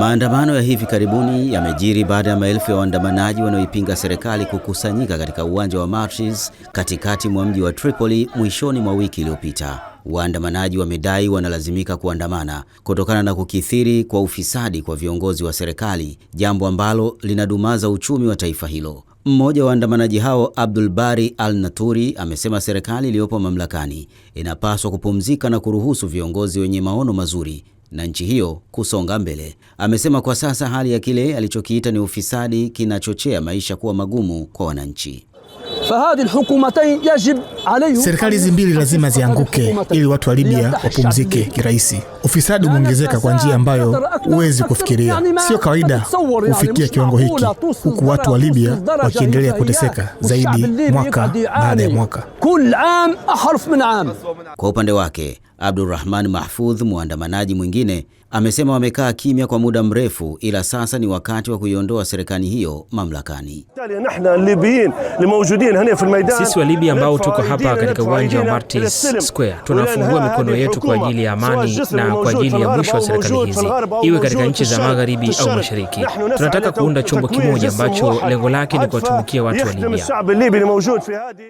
Maandamano ya hivi karibuni yamejiri baada ya maelfu ya waandamanaji wanaoipinga serikali kukusanyika katika uwanja wa Martyrs katikati mwa mji wa Tripoli mwishoni mwa wiki iliyopita. Waandamanaji wamedai wanalazimika kuandamana kutokana na kukithiri kwa ufisadi kwa viongozi wa serikali, jambo ambalo linadumaza uchumi wa taifa hilo. Mmoja wa waandamanaji hao Abdul Bari Al Naturi amesema serikali iliyopo mamlakani inapaswa kupumzika na kuruhusu viongozi wenye maono mazuri na nchi hiyo kusonga mbele. Amesema kwa sasa hali ya kile alichokiita ni ufisadi kinachochea maisha kuwa magumu kwa wananchi. Serikali hizi mbili lazima zianguke ili watu wa Libya wapumzike kirahisi. Ufisadi umeongezeka kwa njia ambayo huwezi kufikiria. Sio kawaida kufikia kiwango hiki, huku watu wa Libya wakiendelea kuteseka zaidi mwaka baada ya mwaka. Kwa upande wake abdurahman Mahfudh, mwandamanaji mwingine, amesema wamekaa kimya kwa muda mrefu, ila sasa ni wakati wa kuiondoa serikali hiyo mamlakani. Sisi wa Libya ambao tuko hapa katika uwanja wa Martyrs Square tunafungua mikono yetu kwa ajili ya amani na kwa ajili ya mwisho wa serikali hizi, iwe katika nchi za magharibi au mashariki. Tunataka kuunda chombo kimoja ambacho lengo lake ni kuwatumikia watu wa Libya.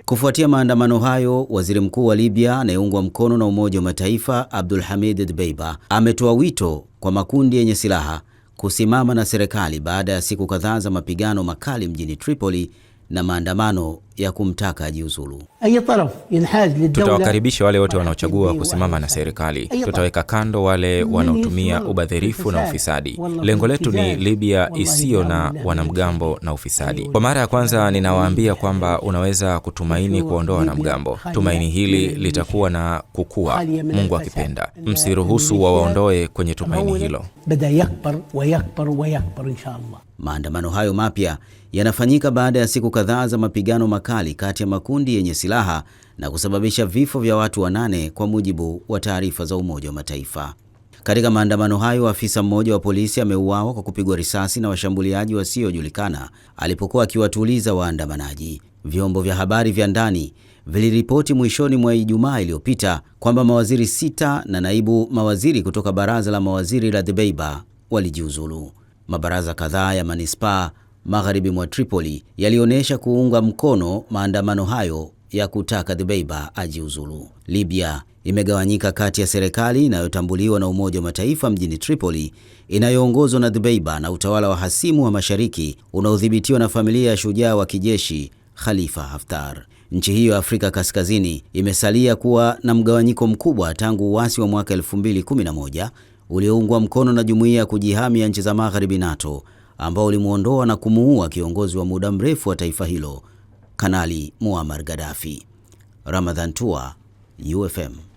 Kufuatia maandamano hayo, waziri mkuu wa Libya anayeungwa mkono na Umoja wa Mataifa Abdul Hamid Dbeiba ametoa wito kwa makundi yenye silaha kusimama na serikali baada ya siku kadhaa za mapigano makali mjini Tripoli na maandamano ya kumtaka ajiuzulu. Tutawakaribisha wale wote wanaochagua kusimama na serikali. Tutaweka kando wale wanaotumia ubadhirifu na ufisadi. Lengo letu ni Libya isiyo na wanamgambo na ufisadi. Kwa mara ya kwanza, ninawaambia kwamba unaweza kutumaini kuondoa wanamgambo. Tumaini hili litakuwa na kukua, Mungu akipenda. Msiruhusu wawaondoe kwenye tumaini hilo. Maandamano hayo mapya yanafanyika baada ya siku kadhaa za mapigano makali kati ya makundi yenye silaha na kusababisha vifo vya watu wanane kwa mujibu wa taarifa za Umoja wa Mataifa. Katika maandamano hayo, afisa mmoja wa polisi ameuawa kwa kupigwa risasi na washambuliaji wasiojulikana alipokuwa akiwatuliza waandamanaji. Vyombo vya habari vya ndani viliripoti mwishoni mwa Ijumaa iliyopita kwamba mawaziri sita na naibu mawaziri kutoka baraza la mawaziri la Debeiba walijiuzulu. Mabaraza kadhaa ya manispaa magharibi mwa Tripoli yalionyesha kuunga mkono maandamano hayo ya kutaka Dbeibah ajiuzulu. Libya imegawanyika kati ya serikali inayotambuliwa na Umoja wa Mataifa mjini Tripoli inayoongozwa na Dbeibah na utawala wa hasimu wa mashariki unaodhibitiwa na familia ya shujaa wa kijeshi Khalifa Haftar. Nchi hiyo Afrika Kaskazini imesalia kuwa na mgawanyiko mkubwa tangu uasi wa mwaka 2011 ulioungwa mkono na jumuiya ya kujihami ya nchi za Magharibi NATO ambao ulimwondoa na kumuua kiongozi wa muda mrefu wa taifa hilo Kanali Muammar Gaddafi. Ramadhan Tua, UFM.